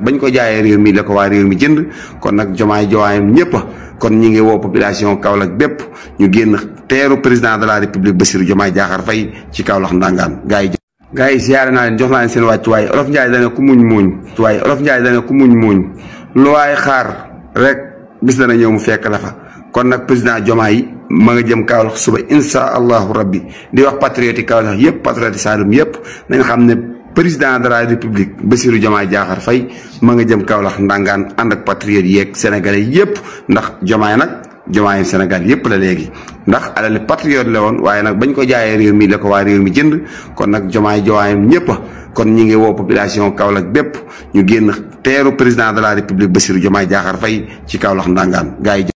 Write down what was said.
bañ ko jaayee réew mi la ko waa réew mi jënd kon nag jomaay jowaayam ñëpp kon ñi ngi woo population Kaolack bépp ñu génn teeru président de la république Bassirou Diomaye Diakhar Faye ci Kaolack ndangaan gaa yi gaa yi siyaare naa leen jox naa leen seen wàccuwaay olof njaay dana ku muñ muuñ waaye olof njaay dana ku muñ muuñ lu waay xaar rek bis dana ñëw mu fekk la fa kon nag président Diomaye ma nga jëm Kaolack suba insha allahu rabbi di wax patriote yi Kaolack yëpp patriote Saloum yëpp xam ne président de la république Bassirou Diomaye jaxar fay ma nga jëm kaolax ndangan and ak patriote yek sénégalais yépp ndax nak nag Diomaye Sénégal yépp la légui ndax alali patriote la won waye nak bañ ko jaayé réew mi lako wa réew mi jënd kon nag Diomaye Diomayeem ñëpp kon ñi ngi wo population kaolax bép ñu génn téru président de la république Bassirou Diomaye jaxar fay ci kaolax ndangan gaay